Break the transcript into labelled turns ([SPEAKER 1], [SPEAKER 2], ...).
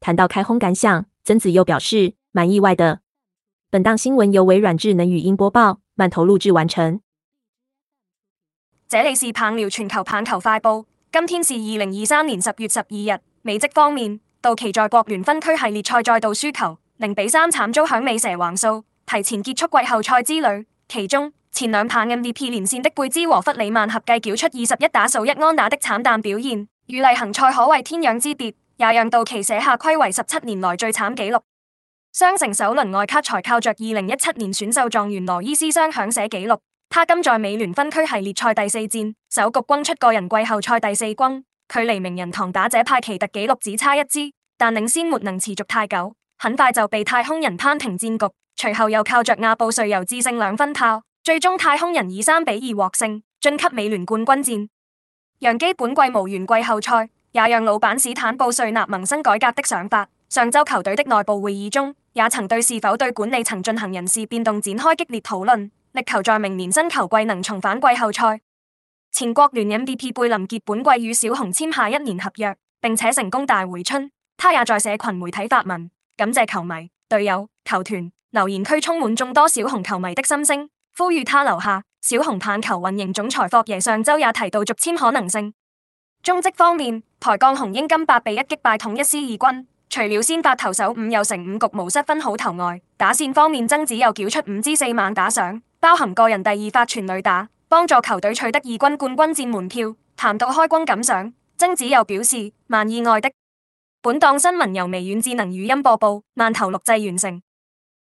[SPEAKER 1] 談到開轟感想，曾子佑表示蠻意外的。本檔新聞由微軟智能語音播報，慢頭錄製完成。
[SPEAKER 2] 這裏是棒聊全球棒球快報，今天是二零二三年十月十二日。美職方面，道奇在國聯分區系列賽再度輸球，零比三慘遭響尾蛇橫掃，提前結束季後賽之旅。其中前兩棒 MVP 連線的貝茲和弗里曼合計繳出二十一打數一安打的慘淡表現，與例行賽可謂天壤之別。也讓道奇寫下規為十七年來最慘紀錄。雙城首輪外卡才靠着二零一七年選秀狀元羅伊斯雙響寫紀錄。他今在美聯分區系列賽第四戰首局轟出個人季後賽第四轟，距離名人堂打者派奇特紀錄只差一支，但領先沒能持續太久，很快就被太空人攀平戰局，隨後又靠着阿布瑞尤致勝兩分炮，最終太空人以三比二獲勝，晉級美聯冠軍戰。楊基本季無緣季後賽。也讓老闆史坦布瑞納萌，萌生改革的想法。上周球隊的內部會議中，也曾對是否對管理層進行人事變動展開激烈討論，力求在明年新球季能重返季後賽。前國聯 MVP 貝林傑本季與小熊簽下一年合約，並且成功大回春。他也在社群媒體發文感謝球迷、隊友、球團。留言區充滿眾多小熊球迷的心聲，呼籲他留下。小熊棒球運營總裁霍耶上周也提到續簽可能性。中職方面，台鋼雄鷹金八比一擊敗統一獅二軍。除了先發投手五又成五局無失分好投外，打線方面曾子佑繳出五支四猛打賞，包含個人第二發全壘打，幫助球隊取得二軍冠軍戰門票。談到開軍感想，曾子佑表示：蠻意外的。本檔新聞由微軟智能語音播報，慢頭錄製完成。